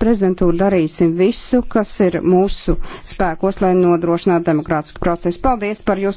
prezidentūru darīsim visu, kas ir mūsu spēkos, lai nodrošinātu demokrātisku procesu. Paldies par jūsu!